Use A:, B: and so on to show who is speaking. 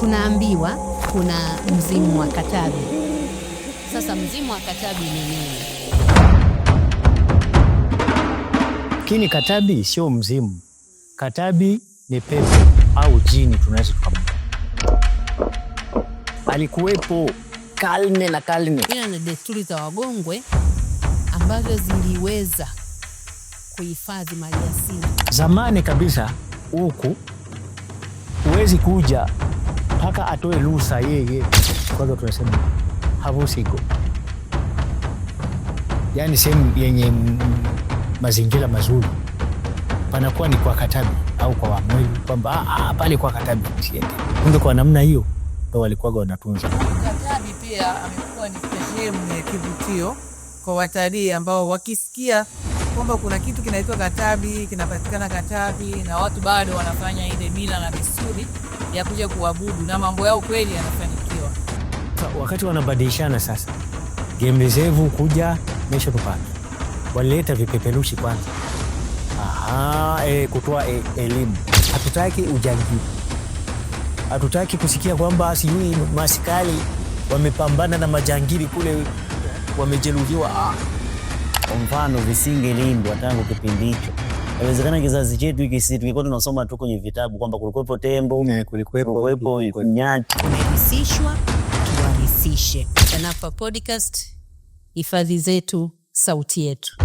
A: tunaambiwa kuna mzimu wa Katabi. Sasa mzimu wa Katabi ni nini?
B: Lakini Katabi sio mzimu. Katabi ni pepo au jini, tunaweza tukamwita.
C: Alikuwepo karne na karne,
A: ila na desturi za Wagongwe ambazo ziliweza kuhifadhi maliasili
B: zamani kabisa. Huku huwezi kuja mpaka atoe ruhusa yeye. Kwanza tunasema hapo siko yaani sehemu yenye mazingira mazuri panakuwa ni kwa katabi au kwa wamweli, kwamba ah, ah, ah, pale kwa katabi siende kumbe. Kwa namna hiyo ndo walikuwaga wanatunza
D: katabi. Pia amekuwa ni sehemu ya kivutio kwa watalii ambao wakisikia kwamba kuna kitu kinaitwa katabi kinapatikana katabi na watu bado wanafanya ile mila na desturi ya kuja kuabudu na mambo yao kweli yanafanikiwa.
B: Wakati wanabadilishana sasa, game reserve kuja mesha park, walileta vipeperushi kwanza e, kutoa e, elimu. Hatutaki ujangili, hatutaki kusikia kwamba sijui masikali wamepambana na majangili kule wamejeruhiwa. Ah.
E: Kwa mfano, visingelindwa tangu kipindi hicho. Inawezekana kizazi chetu hiki sisi tulikuwa tunasoma tu kwenye vitabu kwamba kulikuwepo tembo, eh, kulikuwepo nyati.
A: Tumehamasishwa tuhamasishe. Hifadhi zetu, sauti yetu.